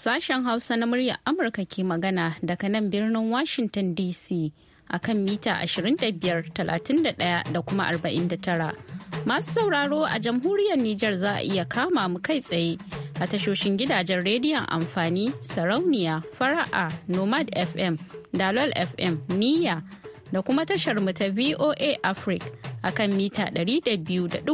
Sashen Hausa na murya Amurka ke magana daga nan birnin Washington DC a kan mita 25, 31 da kuma 49. Masu sauraro a jamhuriyar Nijar za a iya kama mu kai tsaye a tashoshin gidajen rediyon amfani sarauniya fara'a nomad fm dalol fm niya da kuma tashar mu ta voa africa a kan mita 200.5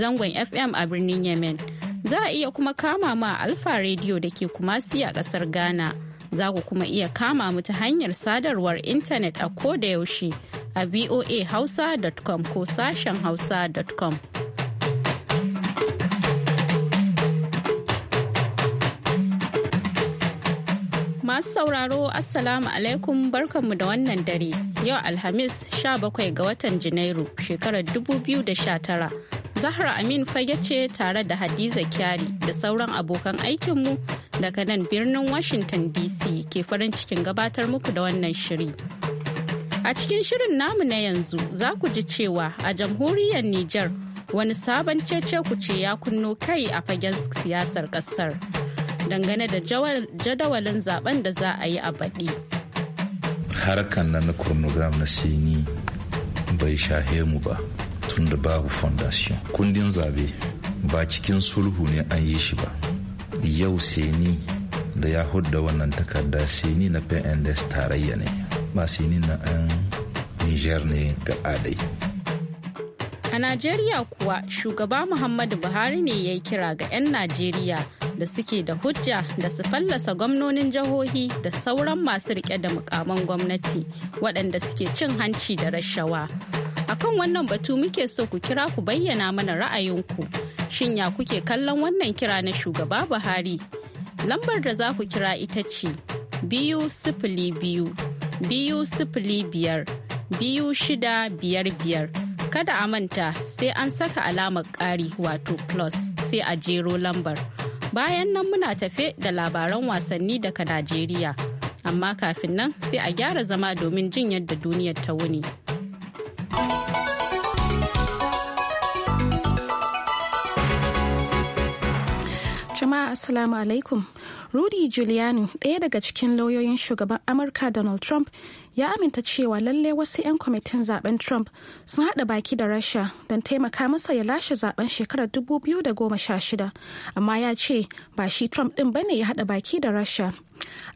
zangon fm a birnin yemen Za a iya kuma kama ma Alfa rediyo da ke Kumasi a kasar Ghana. Za ku kuma iya kama mu ta hanyar sadarwar intanet a ko da yaushe a voa voahausa.com ko sashen hausa.com. Masu sauraro Assalamu alaikum barkanmu da wannan dare. Yau Alhamis 17 ga watan Janairu shekarar 2019. Zahra Amin fage ce tare da Hadiza Kyari da sauran abokan aikinmu daga nan birnin Washington DC ke farin cikin gabatar muku da wannan shiri. A cikin shirin namu na yanzu za ku ji cewa a jamhuriyar Nijar wani sabon cece ku ce ya kunno kai a fagen siyasar kasar dangane da jadawalin zaben da za a yi a baɗi. Harkan na na na sini bai shahe mu ba. tunda babu fondation kundin zabe ba cikin sulhu ne an yi shi ba yau sai da ya hudda wannan takarda seni na pns tarayya ne ba seni na an niger ne ga adai a najeriya kuwa shugaba muhammadu buhari ne ya yi kira ga 'yan najeriya da suke da hujja da su fallasa gwamnonin jihohi da sauran masu rike da mukaman gwamnati waɗanda suke cin hanci da rashawa Akan wannan batu muke so ku kira ku bayyana mana ra'ayinku. Shin ya kuke kallon wannan kira na shugaba Buhari? Lambar da za ku kira ita ce biyu sifili biyu, biyu sifili biyar, biyu shida biyar biyar. Kada a manta sai an saka alamar ƙari wato plus sai a jero lambar. Bayan nan muna tafe da labaran wasanni daga Najeriya. Amma kafin nan sai a gyara zama domin jin yadda duniyar ta wuni. Jama'a Assalamu alaikum. Rudy Giuliani, ɗaya daga cikin lauyoyin shugaban Amurka Donald Trump, ya aminta cewa lalle wasu 'yan kwamitin zaben Trump sun haɗa baki da Rasha don taimaka masa ya lashe zaben shekarar 2016, amma ya ce ba shi Trump ɗin bane ya haɗa baki da Rasha.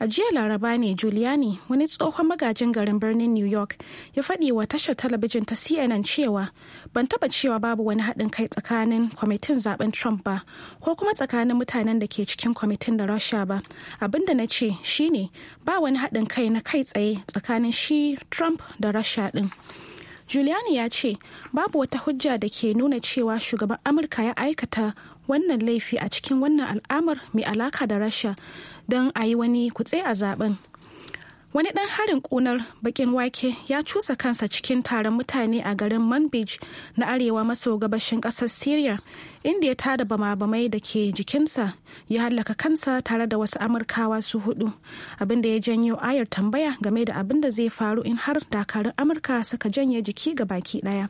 A jiya laraba ne Giuliani wani tsohon magajin garin birnin New York ya faɗi wa tashar talabijin ta CNN cewa ban taba cewa babu wani haɗin kai tsakanin kwamitin zaben Trump ba ko kuma tsakanin mutanen da ke cikin kwamitin da Russia ba. abinda na ce shine ba wani haɗin kai na kai tsaye tsakanin shi Trump da Russia ɗin. Giuliani ya ce babu wata hujja da ke nuna cewa shugaban Amurka ya aikata wannan laifi a cikin wannan al'amar mai alaka da Rasha don a yi wani kutse a zaben wani ɗan harin ƙunar bakin wake ya cusa kansa cikin taron mutane a garin manbij na arewa maso gabashin ƙasar syria inda ya tada bama-bamai da ke jikinsa ya hallaka kansa tare da wasu amurkawa su hudu abinda ya janyo ayar tambaya game da abin da zai faru in har dakarun amurka suka janye jiki ga baki ɗaya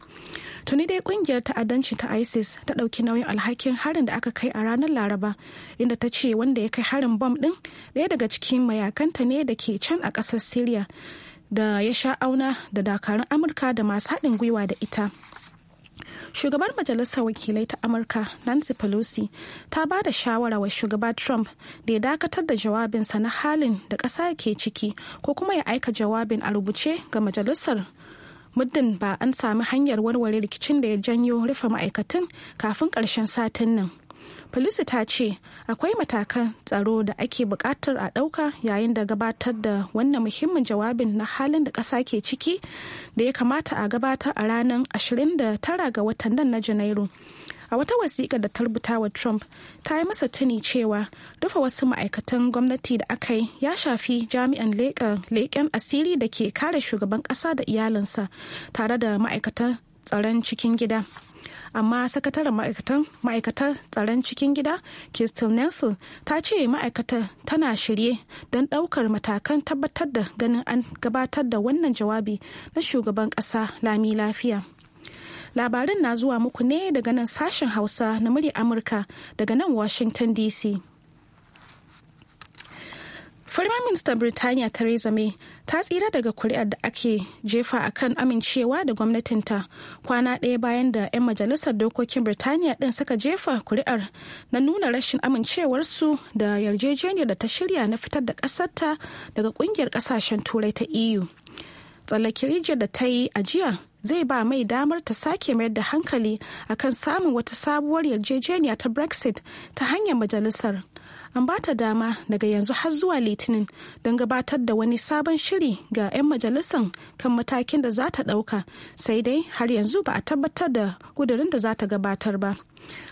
tuni dai kungiyar ta'addanci ta isis ta dauki nauyin alhakin harin da aka kai a ranar laraba inda ta ce wanda ya kai harin bom ɗin daya daga cikin mayakanta ne da ke can a kasar syria da ya sha auna da dakarun amurka da masu haɗin gwiwa da ita shugabar majalisar wakilai ta amurka nancy pelosi ta ba da shawara wa shugaba trump da ya dakatar da jawabinsa na halin da ƙasa ke ciki ko kuma ya aika jawabin a rubuce ga majalisar muddin ba an sami hanyar warware rikicin da ya janyo rufe ma'aikatan kafin ƙarshen satin nan Felisu ta ce akwai matakan tsaro da ake bukatar a ɗauka yayin da gabatar da wannan muhimmin jawabin na halin da ƙasa ke ciki da ya kamata a gabatar a ranar 29 ga watan nan na Janairu. a wata wasiƙa da ta rubuta wa trump ta yi masa tuni cewa rufe wasu ma'aikatan gwamnati da aka yi ya shafi jami'an leƙen asiri da ke kare shugaban ƙasa da iyalinsa tare da ma'aikatan tsaron cikin gida amma sakataren ma'aikatar tsaron cikin gida kirsten nelson ta ce ma'aikatan tana shirye don ɗaukar matakan tabbatar da ganin an gabatar da wannan jawabi na shugaban ƙasa lami lafiya. labarin na zuwa muku ne daga nan sashen hausa na murya amurka daga nan washington dc Firmin Ministan Birtaniya Theresa May ta tsira daga kuri'ar da ake jefa a kan amincewa da gwamnatinta kwana ɗaya bayan da 'yan majalisar dokokin Birtaniya ɗin suka jefa kuri'ar na nuna rashin amincewarsu da yarjejeniyar da ta shirya na fitar da ƙasarta daga ƙungiyar ƙasashen turai ta EU. tsallake rijiyar da ta yi a jiya zai ba mai damar ta sake mayar da hankali akan samun wata sabuwar yarjejeniya ta brexit ta hanyar majalisar an ba ta dama daga yanzu har zuwa litinin don gabatar da wani sabon shiri ga 'yan majalisar kan matakin da za ta ɗauka sai dai har yanzu ba a tabbatar da kudurin da za ta gabatar ba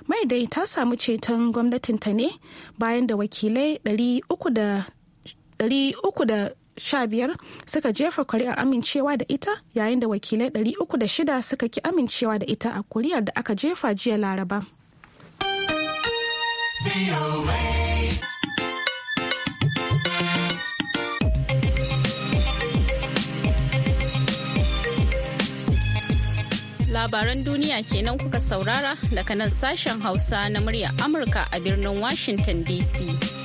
mai dai ta samu ceton gwamnatinta ne bayan da wakilai 300 15 suka jefa kuri'ar amincewa da ita yayin da wakilai 306 suka ki amincewa da ita a kuri'ar da aka jefa jiya laraba. labaran duniya kenan kuka saurara daga nan sashen hausa na murya amurka a birnin washington dc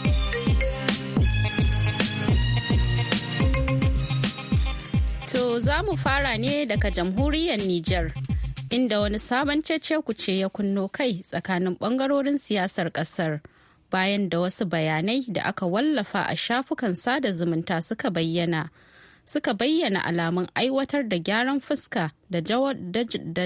To za mu fara ne daga jamhuriyar Nijar, inda wani sabon cece kuce ya kunno kai tsakanin bangarorin siyasar ƙasar, bayan da wasu bayanai da aka wallafa a shafukan sada zumunta suka bayyana. Suka bayyana alamun aiwatar da gyaran fuska da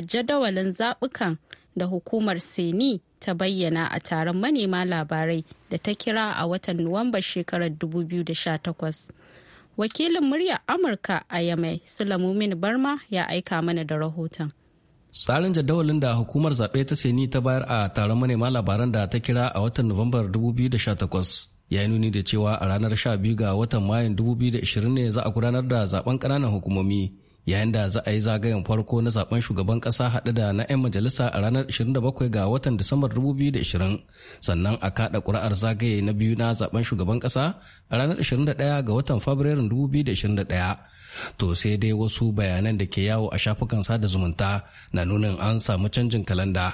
jadawalin zaɓukan da hukumar Seni ta bayyana a taron manema labarai da ta kira a watan Nuwamba shekarar 2018. wakilin murya amurka a yamai sulamumin barma ya aika mana da rahoton tsarin jadawalin da hukumar zaɓe ta seni ta bayar a taron manema labaran da ta kira a watan nuwambar 2018 ya yi nuni da cewa a ranar 12 ga watan mayun 2020 ne za a gudanar da zaben ƙananan hukumomi yayin da za a yi zagayen farko na zaben shugaban kasa haɗe da na 'yan majalisa a ranar 27 ga watan disambar 2020 sannan a kaɗa ƙuri'ar zagaye na biyu na zaben shugaban kasa a ranar 21 ga watan fabrairun 2021 to sai dai wasu bayanan da ke yawo a shafukan sada zumunta na nunin an samu canjin kalanda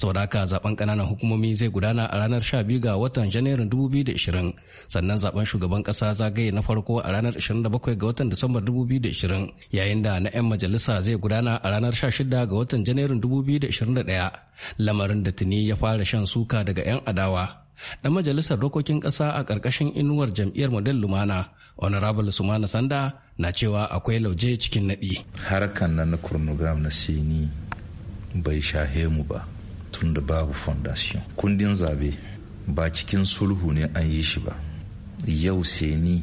saboda haka zaben kananan hukumomi zai gudana a ranar 12 ga watan janairun 2020 sannan zaben shugaban kasa zagaye na farko a ranar 27 ga watan disambar 2020 yayin da na 'yan majalisa zai gudana a ranar 16 ga watan janairun 2021 lamarin da tuni ya fara shan suka daga 'yan adawa ɗan majalisar dokokin ƙasa a ƙarƙashin inuwar jam'iyyar model lumana honorable sumana sanda na cewa akwai lauje cikin naɗi harkan nan na chronogram na sini e bai shahe mu ba tun da babu foundation kundin zabe ba cikin sulhu ne an yi shi ba yau seni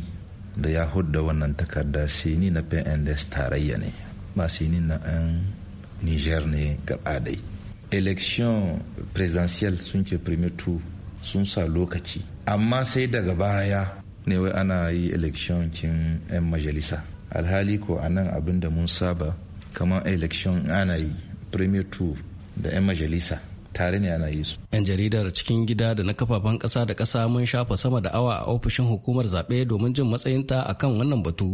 da ya hudda wannan takarda seni na PNS tarayya ne ba sini e na 'yan niger ne gabaɗai election presidential sun ce premier tour sun sa lokaci amma sai daga baya ne wai ana yi election kin 'yan majalisa alhali ko a nan abin da mun saba kamar election ana yi premier two da 'yan majalisa tare ne ana yi su. 'Yan jaridar cikin gida da na kafafen kasa da kasa mun shafa sama da awa a ofishin hukumar zaɓe domin jin matsayinta akan wannan batu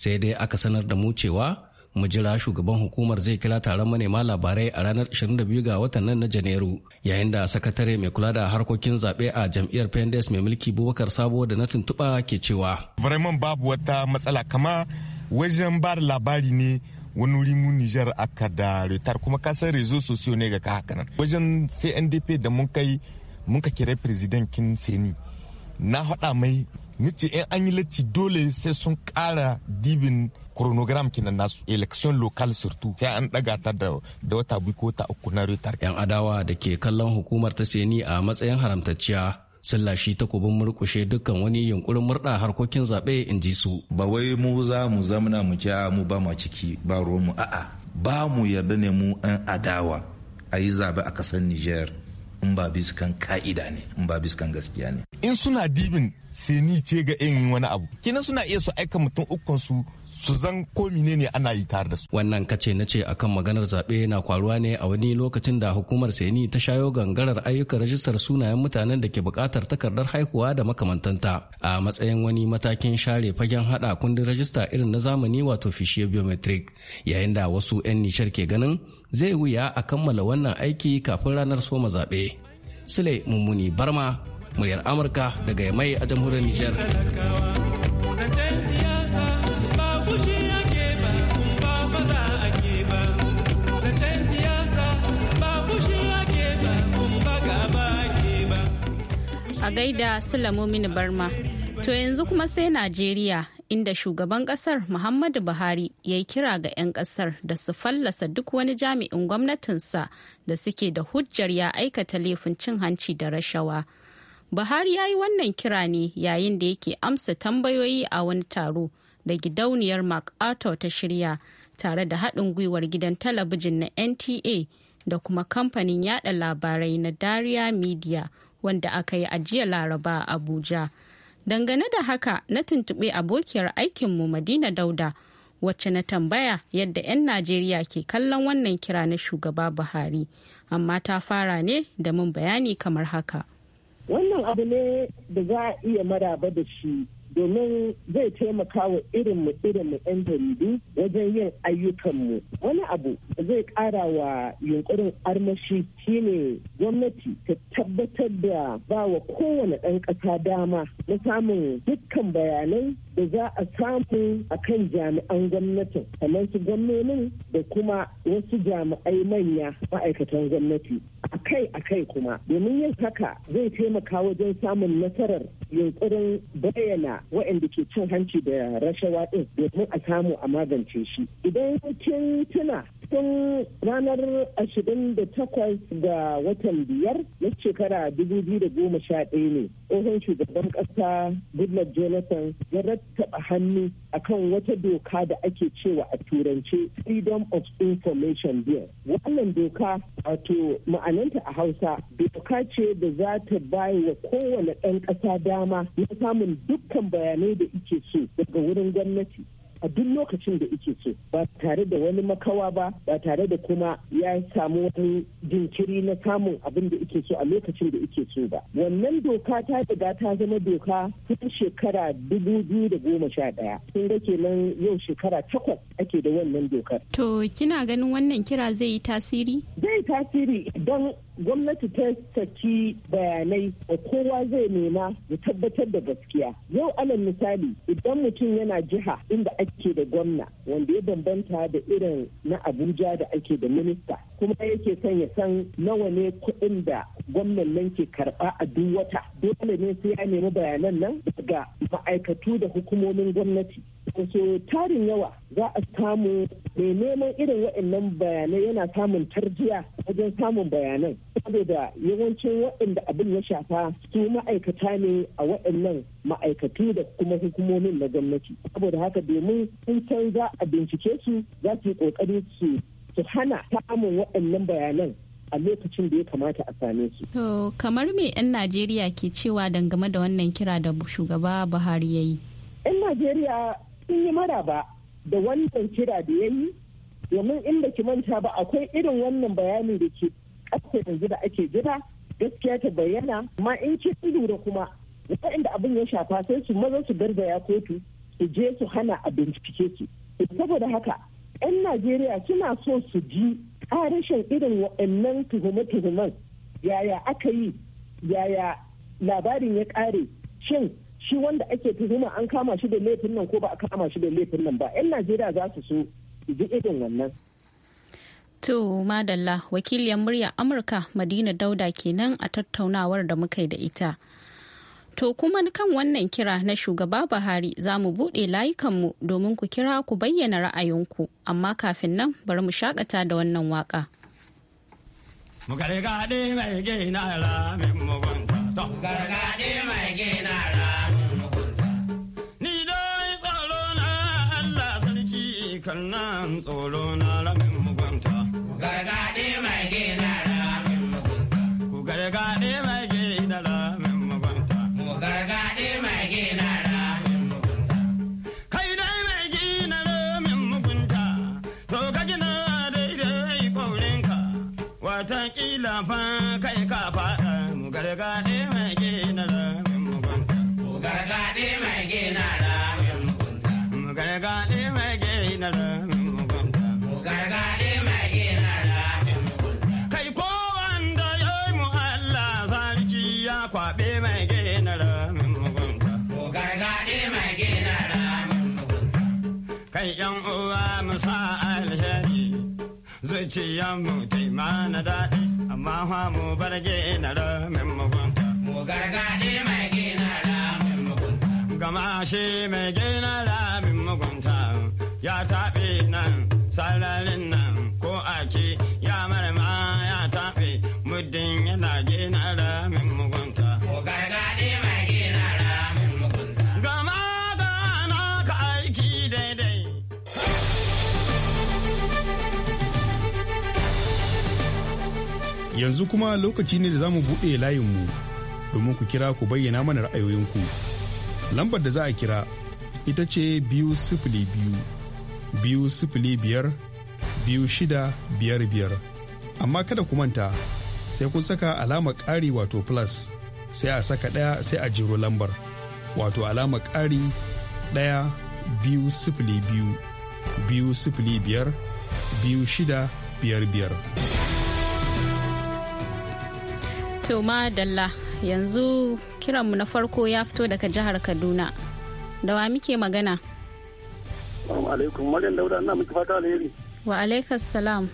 sai dai aka sanar da mu cewa mu jira shugaban hukumar zai kira taron manema labarai a ranar 22 ga watan nan na janairu yayin da sakatare mai kula da harkokin zaɓe a jam'iyyar pendes mai mulki bubakar sabo da na tuntuɓa ke cewa vraiment babu wata matsala kama wajen ba da labari ne wani wuri mu Nijar aka da retar kuma ka san rezo sosiyo ne ga ka haka nan wajen CNDP da mun kai mun ka kira president kin seni na haɗa mai nice in an yi lacci dole sai sun kara dibin chronogram kinan nasu election local surtout sai an daga ta da wata biyu ko ta uku na retar yan adawa da ke kallon hukumar ta seni a matsayin haramtacciya sun lashi takobin murkushe dukkan wani yunkurin murda harkokin zaɓe in ji su ba wai mu za mu zamna mu kya mu ba ma ciki ba ruwan mu a'a ba mu yarda ne mu an adawa a yi zaɓe a ƙasar niger in ba bisa kan ka'ida ne in ba bisa kan gaskiya ne in suna dibin sai ni ce ga yin wani abu kenan suna iya su aika mutum ukun su zan ko ne ana yi tare da su. Wannan kace na ce akan maganar zaɓe na kwaruwa ne a wani lokacin da hukumar Seni ta shayo gangarar ayyukan rajistar sunayen mutanen da ke buƙatar takardar haihuwa da makamantanta a matsayin wani matakin share fagen haɗa kundin rajista irin na zamani wato fishiyar biometric yayin da wasu 'yan nishar ke ganin zai wuya a kammala wannan aiki kafin ranar soma zaɓe. Sule Mummuni Barma, muryar Amurka daga Yamai a jamhuriyar Nijar. a gaida Sulamomin Barma. To yanzu kuma sai Najeriya inda shugaban kasar Muhammadu Buhari ya yi kira ga 'yan kasar da su fallasa duk wani jami'in gwamnatinsa da suke da hujjar ya aikata laifin cin hanci da rashawa. Buhari ya yi wannan kira ne yayin da yake amsa tambayoyi a wani taro da gidauniyar MacArthur ta shirya tare da haɗin gwiwar gidan talabijin na NTA da kuma kamfanin yada labarai na Daria Media. wanda aka yi a jiya laraba a abuja dangane da haka na tuntuɓi abokiyar aikinmu madina dauda wacce na tambaya yadda 'yan najeriya ke kallon wannan kira na shugaba buhari amma ta fara ne da mun bayani kamar haka wannan abu ne da za a iya maraba da shi domin zai taimaka wa irin mu irin mu yan jaridu wajen yin ayyukanmu wani abu zai kara wa yunkurin armashi shine gwamnati ta tabbatar da ba wa kowane ɗan ƙasa dama na samun dukkan bayanai da za a samu a kan jami'an gwamnati kamar su gwamnonin da kuma wasu jami'ai manya ma'aikatan gwamnati akai akai kuma domin yin haka zai taimaka wajen samun nasarar yunkurin bayyana waɗanda ke cin hanci da rashawa ɗin domin a samu a magance shi idan kin tuna cikin ranar 28 ga watan biyar na shekara 2011 ne tsohon shugaban ƙasa goodluck jonathan ya rattaba hannu akan wata doka da ake cewa a turance freedom of information bill wannan doka wato ma'ananta a hausa doka ce da za ta bayi wa kowane ɗan ƙasa dama na samun dukkan bayanai da ike so daga wurin gwamnati a duk lokacin da ike so ba tare da wani makawa ba ba tare da kuma ya samu wani jinkiri na samun abin da ike so a lokacin da ike so ba wannan doka ta riga ta zama doka tun shekara dubu biyu da goma sha ɗaya sun ga kenan yau shekara takwas ake da wannan dokar. To kina ganin wannan kira zai yi tasiri? Zai tasiri don gwamnati ta saki bayanai da kowa zai nema ya tabbatar da gaskiya yau alal misali idan mutum yana jiha inda ake da gwamna wanda ya bambanta da irin na abuja da ake da minista kuma yake son ya san nawa ne kuɗin da gwamnan nan ke karɓa a duk wata dole ne sai ya nemi bayanan nan daga ma'aikatu da hukumomin gwamnati so tarin yawa za a samu mai neman irin waɗannan bayanai yana samun tarjiya wajen samun bayanan saboda yawancin waɗanda abin ya shafa su ma'aikata ne a waɗannan ma'aikatu da kuma hukumomin na gwamnati saboda haka domin sun san za a bincike su za su yi ƙoƙari su su hana samun waɗannan bayanan a lokacin da ya kamata a same su. To kamar me 'yan Najeriya ke cewa dangame da wannan kira da shugaba Buhari ya yi? 'Yan Najeriya sun yi maraba da wannan kira da ya yi domin inda ki manta ba akwai irin wannan bayanin da ke ƙasa yanzu da ake jira gaskiya ta bayyana ma in ki lura kuma waɗanda abin ya shafa sai su maza su garzaya kotu su je su hana a bincike su saboda haka 'yan najeriya suna so su ji ƙarashin irin waɗannan tuhume-tuhumen yaya aka yi yaya labarin ya ƙare shin shi wanda ake tuhuma an kama shi da laifin nan ko ba a kama shi da laifin nan ba 'yan najeriya za su so ji irin wannan to madalla wakiliyar murya amurka madina dauda kenan a tattaunawar da muka yi da ita To kuma kan wannan kira na shugaba Buhari za mu buɗe layukanmu domin ku kira ku bayyana ra'ayinku, amma kafin nan bari mu shakata da wannan waka. Mu mai gina so lonely. kwaɓe mai gina ramin mugunta. Ko gargaɗe mai gina ramin mugunta. Kai ‘yan uwa mu sa alheri zuciyar mu taima na daɗi amma fa mu bar gina ramin mugunta. Ko gargaɗe mai gina ramin mugunta. Gama shi mai gina ramin mugunta ya taɓe nan sararin nan ko ake ya marama ya taɓe muddin yana gina ramin mugunta. yanzu kuma lokaci ne da za mu buɗe layinmu domin ku kira ku bayyana mana ra'ayoyinku. Lambar da za a kira ita ce biyu sifili biyu, biyu sifili biyar, biyu shida biyar biyar. Amma kada ku manta sai kun saka alamar ƙari wato plus sai a saka ɗaya sai a jiro lambar wato alama ƙari ɗaya biyu sifili biyu biyu sifili biyar biyu shida biyar biyar. To Dalla yanzu kiranmu na farko ya fito daga jihar Kaduna. Da wa muke magana? Wa alaikun salam.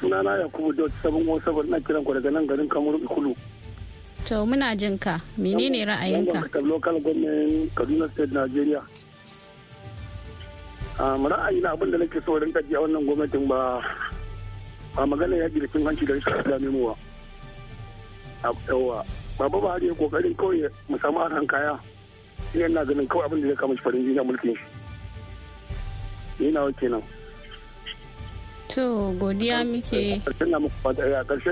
Sunana Yakubu Dot, sabon wasu na kiran ku daga nan garin Kamuru Ikulu. To muna jin ka menene ra'ayinka? Kan local government Kaduna State Nigeria. ra'ayi na abinda nake so rinka ji a wannan gwamnatin ba a magana ya da cin hanci da rashin da mu a Yawa baba ba hari kokarin kawai mu samu harkan kaya. Ina na ganin kawai abinda da zai kama shi farin jini a mulkin shi. Ni nawa kenan. To godiya muke. a Karshen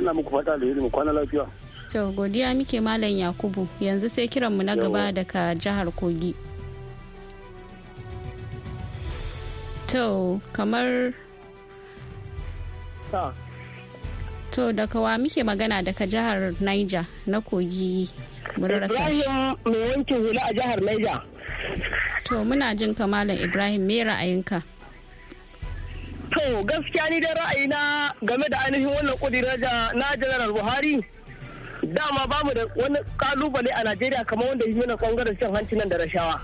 na muku fata da yi mu kwana lafiya. to godiya muke malam yakubu yanzu sai kiranmu na gaba daga jihar kogi to kamar to daga wa muke magana daga jihar niger na kogi ibrahim mai wankin hula a jihar niger to muna jin kamalan ibrahim me ra'ayinka to gaskiya ni da ra'ayina game da ainihin wannan kudi na general buhari dama ba mu da wani kalubale a najeriya kamar wanda yi mana kwangaren cin hanci nan da rashawa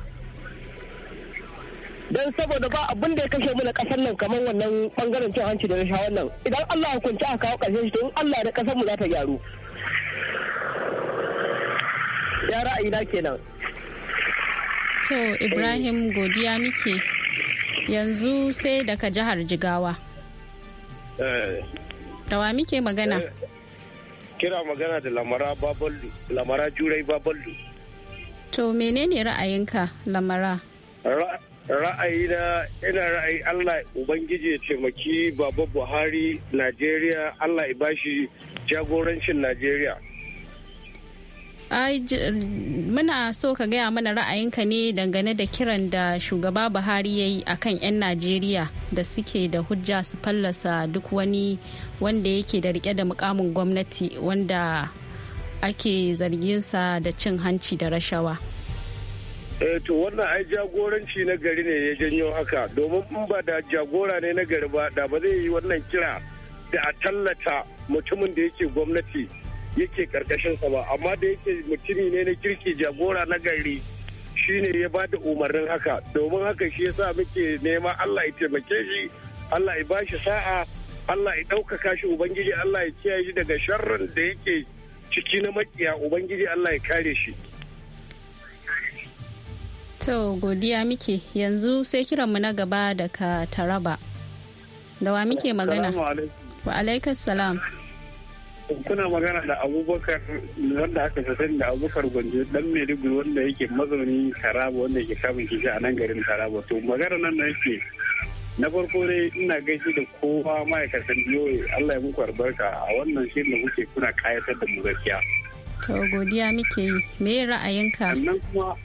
don saboda ba abin da ya kashe mana kasar nan kamar wannan bangaren cin hanci da rashawa nan idan allah ya kunci a kawo karshen shi to in allah da kasar mu za ta gyaru ya ra'ayi na kenan to ibrahim godiya muke yanzu sai daga jihar jigawa eh. dawa muke magana eh, kira magana da lamara babaldu lamara jurai babaldu to menene ra'ayinka lamara ra'ayina ina ra'ayi allah ubangiji ya taimaki baba buhari najeriya allah ya bashi jagorancin najeriya muna so ka gaya mana ra'ayinka ne dangane da kiran da shugaba buhari ya yi a kan 'yan najeriya da suke da hujja su fallasa duk wani wanda yake da rike da mukamin gwamnati wanda ake zarginsa da cin hanci da rashawa eh, to wannan ai jagoranci na gari ne ya janyo haka domin in ba da jagora ne na gari ba da ba zai yi wannan kira da a tallata mutumin da yake gwamnati yake karkashinsa ba amma da yake mutumi ne na kirki jagora na gari shine ya ba da umarnin haka domin haka shi yasa muke nema Allah ya taimake shi Allah ya shi sa'a Allah ya ɗaukaka shi ubangiji Allah ya kiyaye shi daga sharrin da yake ciki na makiya ubangiji Allah ya kare shi to godiya muke yanzu sai kiranmu na gaba daga taraba da wa muke magana wa alaikas salam kuna magana da abubakar wanda aka sani da abubakar gwanjo dan maiduguri wanda yake mazauni taraba wanda yake kamun kishi a nan garin taraba to magana nan na yake na farko dai ina gaishe da kowa ma'aikatan biyoyi allah ya muku albarka a wannan shirin da kuke kuna kayatar da mu gaskiya to godiya muke yi me ra'ayinka sannan kuma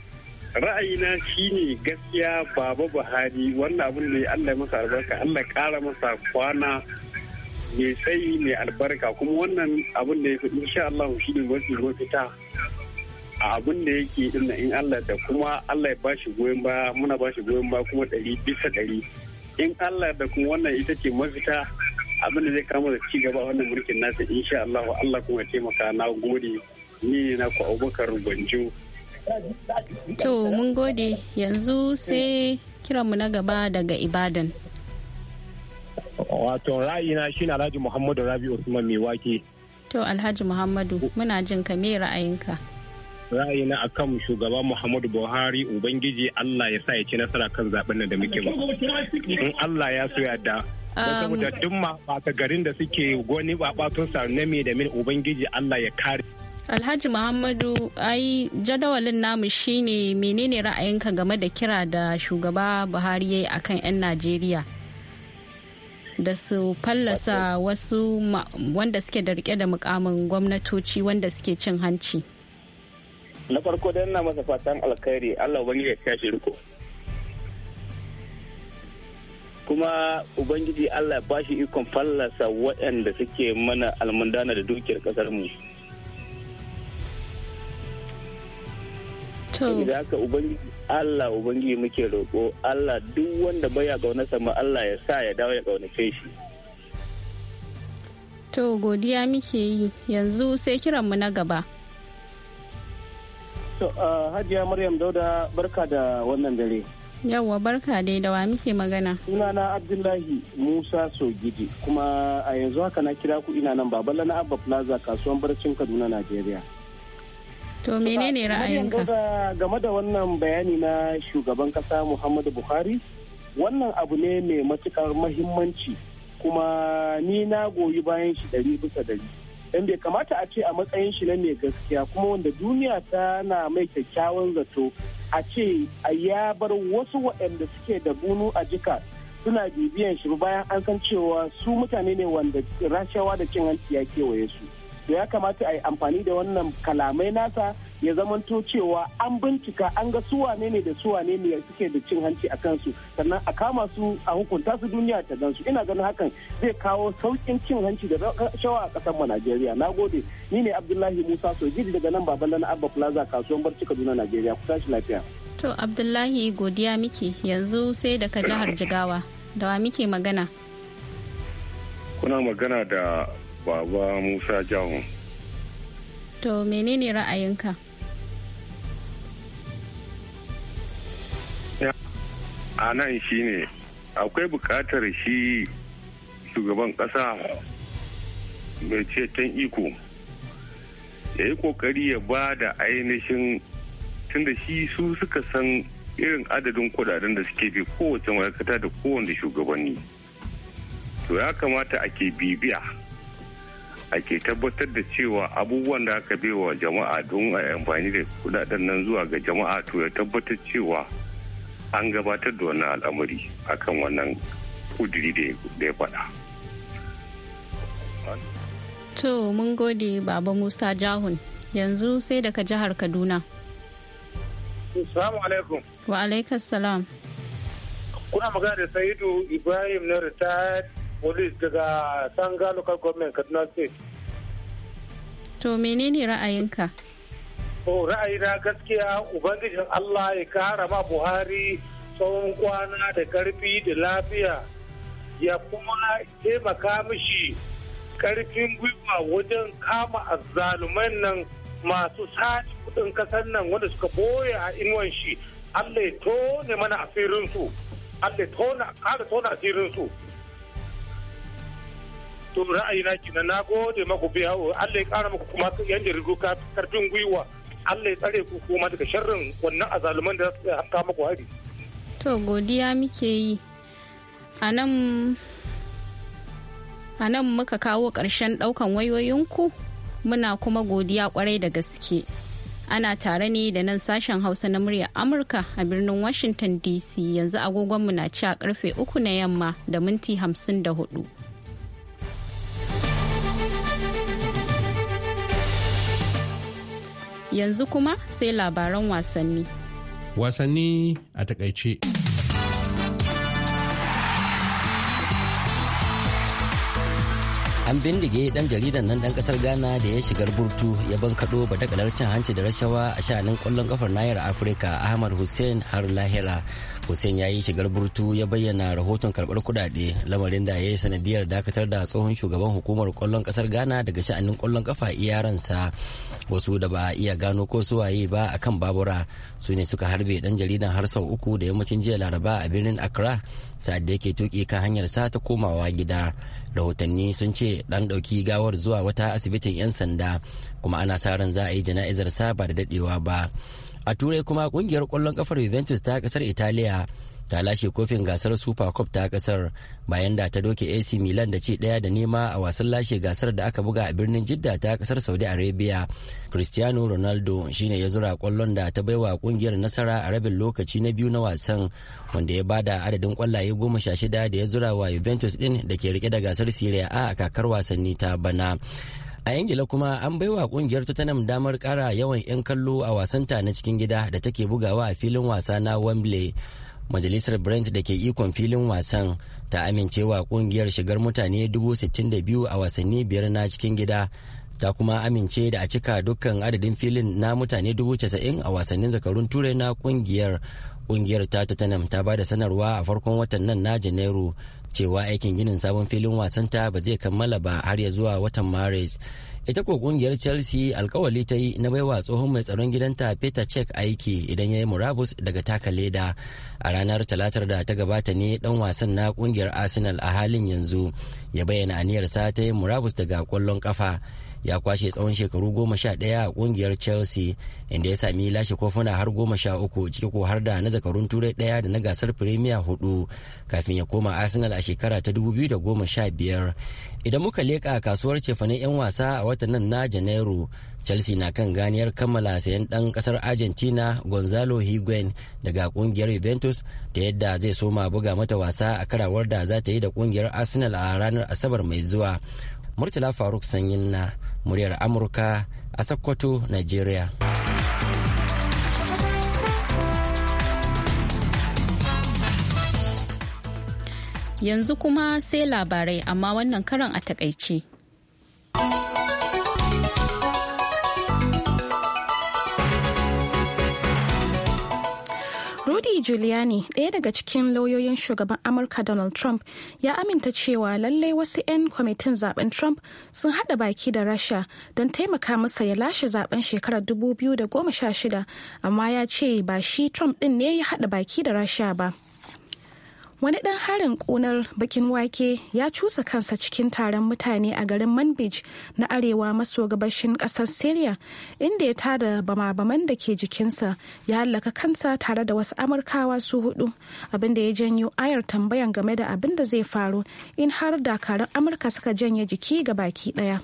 ra'ayina shine gaskiya baba buhari wannan abin da allah ya masa albarka allah ya kara masa kwana mai tsayi mai albarka kuma wannan abin da ya fi insha Allah shi ne mafi mafita a abin da yake ina in Allah da kuma Allah ya bashi goyon baya muna shi goyon baya kuma ɗari bisa ɗari in Allah da kuma wannan ita ce mafita abin da zai kama da cigaba wannan mulkin nasa insha Allah Allah kuma taimaka na gode ni na ku Abubakar Banjo to mun gode yanzu sai kiranmu na gaba daga Ibadan Wato ra'ayina shine Alhaji Muhammadu Rabi Usman wake. To Alhaji Muhammadu muna jin ka me ra'ayinka? Ra'ayina akan shugaba Muhammadu Buhari Ubangiji Allah ya sa ya ci nasara kan zaben nan da muke ba. In Allah ya so yadda. Um, saboda duk ba garin da suke goni ɓaɓatun sa na me da min Ubangiji Allah ya kare. Alhaji Muhammadu ai jadawalin namu shine menene ra'ayinka game da kira da shugaba Buhari yayi akan 'yan Najeriya? da su fallasa wasu wanda suke da rike da mukamin gwamnatoci wanda suke cin hanci na farko da na masa fatan alkhairi allah ubangiji ya tashi riko kuma ubangiji allah ya bashi ikon fallasa waɗanda suke mana almundana da dukiyar ƙasar mu to ubangiji Allah Ubangiji muke roƙo Allah duk wanda baya ƙaunarsa sama Allah ya sa ya dawo ya ƙaunace shi. To godiya muke yi yanzu sai mu na gaba. To uh, Hajiya Maryam Dauda barka da wannan dare. Yawwa barka dai da wa muke magana. Sunana Abdullahi Musa Sogidi kuma a yanzu haka na kira ku ina nan babalana na Abba Plaza kasuwan Barcin Kaduna Najeriya. To menene ra'ayinka? Game da wannan bayani na shugaban kasa Muhammadu Buhari, wannan abu ne mai matukar mahimmanci kuma ni na goyi bayan shi ɗari bisa ɗari. Dan bai kamata a ce a matsayin shi na mai gaskiya kuma wanda duniya tana mai kyakkyawan zato a ce a ya bar wasu waɗanda suke da bunu a jika suna bibiyan shi bayan an san cewa su mutane ne wanda rashawa da cin hanci ya kewaye su. da ya kamata a yi amfani da wannan kalamai nasa ya zamanto cewa an bincika an ga su wane ne da su wane ne suke da cin hanci a kansu sannan a kama su a hukunta su duniya ta gansu ina ganin hakan zai kawo saukin cin hanci da shawa a kasar mu Najeriya na gode ni ne Abdullahi Musa Sojidi daga nan baban na Abba Plaza kasuwan Barci Kaduna Najeriya ku tashi lafiya to Abdullahi godiya miki yanzu sai daga jihar Jigawa da wa miki magana kuna magana da baba musa jahun to menene ra'ayinka a nan shi ne akwai bukatar shi shugaban kasa mai ceton iko ya yi kokari ya ba da ainihin tunda shi su suka san irin adadin kudaden da suke bi kowace ma'aikata da kowane shugabanni to ya kamata ake bibiya ake tabbatar da cewa abubuwan da aka bewa jama'a don a amfani da kudaden nan zuwa ga jama'a to ya tabbatar cewa an gabatar da wannan al'amari akan wannan kudiri da ya faɗa. To mun gode Baba Musa Jahun yanzu sai daga jihar Kaduna. Assalamu alaikum. Wa alaikas salam. Kuna magana da Sa'idu Ibrahim na retired police daga sanga local government kaduna state to menene ra'ayinka to ra'ayina gaskiya ubangijin allah ya kara ma buhari tsawon kwana da karfi da lafiya ya kuma taimaka mishi karfin gwiwa wajen kama azzalumai nan masu sati kudin kasar nan wanda suka boye a inuwan shi allah ya tone mana asirinsu allah ya tona asirinsu to ra'ayina kenan na gode maku biya Allah ya kara muku kuma yan jaridu karfin gwiwa Allah ya tsare ku kuma daga sharrin wannan azaluman da suka haka muku hari to godiya muke yi a nan a nan muka kawo ƙarshen ɗaukan wayoyinku muna kuma godiya kwarai da gaske ana tare ne da nan sashen hausa na murya amurka a birnin washington dc yanzu agogonmu na ci a karfe uku na yamma da minti hamsin da hudu Yanzu kuma sai labaran wasanni. Wasanni a takaice. an bindige dan jaridan nan dan kasar ghana da ya shigar burtu ya bankaɗo badakalar cin hanci da rashawa a sha'anin kwallon kafar nayar afirka ahmad hussein har lahira hussein ya yi shigar burtu ya bayyana rahoton karbar kudade lamarin da ya yi sanadiyar dakatar da tsohon shugaban hukumar kwallon kasar ghana daga sha'anin kwallon kafa iyaransa wasu da ba a iya gano ko suwaye ba akan babura su ne suka harbe dan jaridan har sau uku da yammacin jiya laraba a birnin accra sa'ad da yake tuki ka hanyar sa ta komawa gida rahotanni sun ce dan dauki gawar zuwa wata asibitin 'yan sanda kuma ana sa ran za a yi jana'izar sa ba da dadewa ba a turai kuma kungiyar kwallon kafar juventus ta kasar italiya ta lashe kofin gasar super cup ta kasar bayan da ta doke ac milan da ci daya da nema a wasan lashe gasar da aka buga a birnin jidda ta kasar saudi arabia cristiano ronaldo shine ya zura kwallon da ta baiwa kungiyar nasara a rabin lokaci na biyu na wasan wanda ya bada adadin kwallaye goma sha shida da ya zura wa juventus din da ke rike da gasar serie a kakar wasanni ta bana a ingila kuma an baiwa kungiyar tottenham damar kara yawan 'yan kallo a wasanta na cikin gida da take bugawa a filin wasa na wembley majalisar brent da ke ikon filin wasan ta amincewa kungiyar shigar mutane 62,000 a wasanni biyar na cikin gida ta kuma amince da a cika dukkan adadin filin na mutane 90,000 a wasannin zakarun turai na kungiyar kungiyar ta tottenham ta ba da sanarwa a farkon watan nan na janairu cewa aikin ginin sabon filin wasanta ba zai kammala ba har ya zuwa watan maris ita ko kungiyar chelsea alkawali ta yi na baiwa tsohon mai tsaron gidanta peter cech aiki idan ya yi murabus daga taka leda a ranar talatar da ta gabata ne dan wasan na kungiyar arsenal a halin yanzu ya bayyana aniyarsa ta yi murabus daga kwallon kafa ya kwashe tsawon shekaru goma sha ɗaya a ƙungiyar chelsea inda ya sami lashe kofuna har goma sha uku ciki ko har da na zakarun turai ɗaya da na gasar premier hudu kafin ya koma arsenal a shekara ta dubu biyu da goma sha biyar idan muka leƙa kasuwar cefanen 'yan wasa a watan nan na janairu chelsea na kan ganiyar kammala sayan ɗan ƙasar argentina gonzalo higuain daga ƙungiyar juventus ta yadda zai soma buga mata wasa a karawar da za ta yi da ƙungiyar arsenal a ranar asabar mai zuwa murtala faruk sanyin na muryar amurka a sokoto nigeria yanzu kuma sai labarai amma wannan karan a takaice. juliani Giuliani, ɗaya daga cikin lauyoyin shugaban Amurka Donald Trump, ya aminta cewa lallai wasu 'yan kwamitin zaben Trump sun haɗa baki da Rasha don taimaka masa ya lashe zaben shekarar 2016, amma ya ce ba shi Trump ɗin ne ya haɗa baki da Rasha ba. wani ɗan harin ƙunar bakin wake ya cusa kansa cikin taron mutane a garin manbij na arewa maso gabashin ƙasar syria inda ya tada bama-baman da ke jikinsa ya hallaka kansa tare da wasu amurkawa su hudu abinda ya janyo ayar tambayan game da abin da zai faru in har dakarun amurka suka janye jiki ga baki ɗaya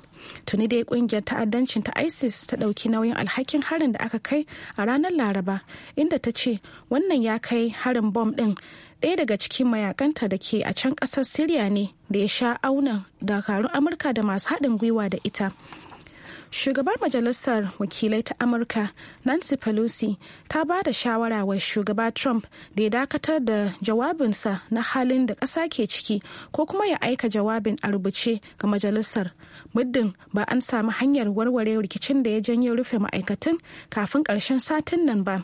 tuni dai kungiyar ta'addancin ta isis ta ɗauki nauyin alhakin harin da aka kai a ranar laraba inda ta ce wannan ya kai harin bom ɗin ɗaya daga cikin mayakanta da ke a can ƙasar siriya ne da ya sha auna dakarun amurka da masu haɗin gwiwa da ita shugabar majalisar wakilai ta amurka nancy pelosi ta ba da shawara wa shugaba trump da ya dakatar da jawabinsa na halin da ƙasa ke ciki ko kuma ya aika jawabin a rubuce ga majalisar muddin ba an sami hanyar warware rikicin da ya janyo rufe ma'aikatan kafin ƙarshen satin nan ba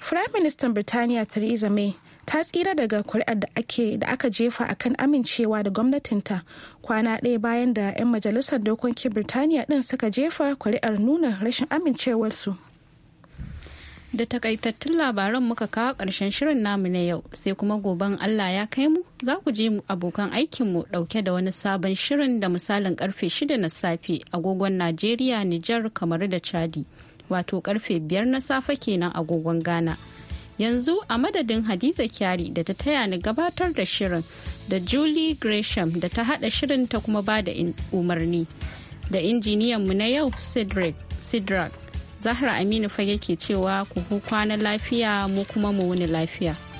Firaministan Birtaniya Theresa May ta tsira daga kuri'ar da ake da aka jefa akan amincewa da gwamnatinta kwana ɗaya bayan da 'yan majalisar dokokin birtaniya ɗin suka jefa kuri'ar nuna rashin amincewarsu da takaitattun labaran muka kawo ƙarshen shirin namu na yau sai kuma goben allah ya kai mu za ku je abokan aikinmu ɗauke da wani sabon shirin da misalin karfe 6 na safe agogon najeriya nijar kamar da chadi wato karfe 5 na safe kenan agogon ghana yanzu a madadin hadiza kyari da ta taya ni gabatar da shirin da julie gresham da ta hada shirin ta kuma ba da umarni da injiniyan mu na yau sidrak zahra aminu fage ke cewa ku kwana lafiya mu kuma mu wuni lafiya.